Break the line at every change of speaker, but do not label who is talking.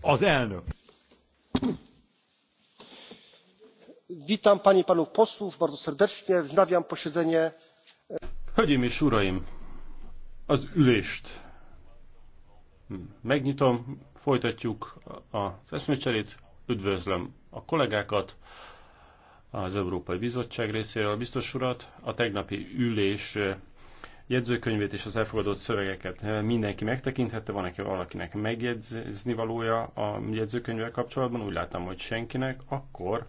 Az elnök.
Witam panie i panów posłów bardzo serdecznie. Wznawiam posiedzenie.
Hölgyeim és uraim, az ülést megnyitom, folytatjuk az eszmecserét, üdvözlöm a kollégákat, az Európai Bizottság részéről a biztos urat, a tegnapi ülés jegyzőkönyvét és az elfogadott szövegeket mindenki megtekinthette, van neki valakinek megjegyzni valója a jegyzőkönyvvel kapcsolatban, úgy láttam, hogy senkinek, akkor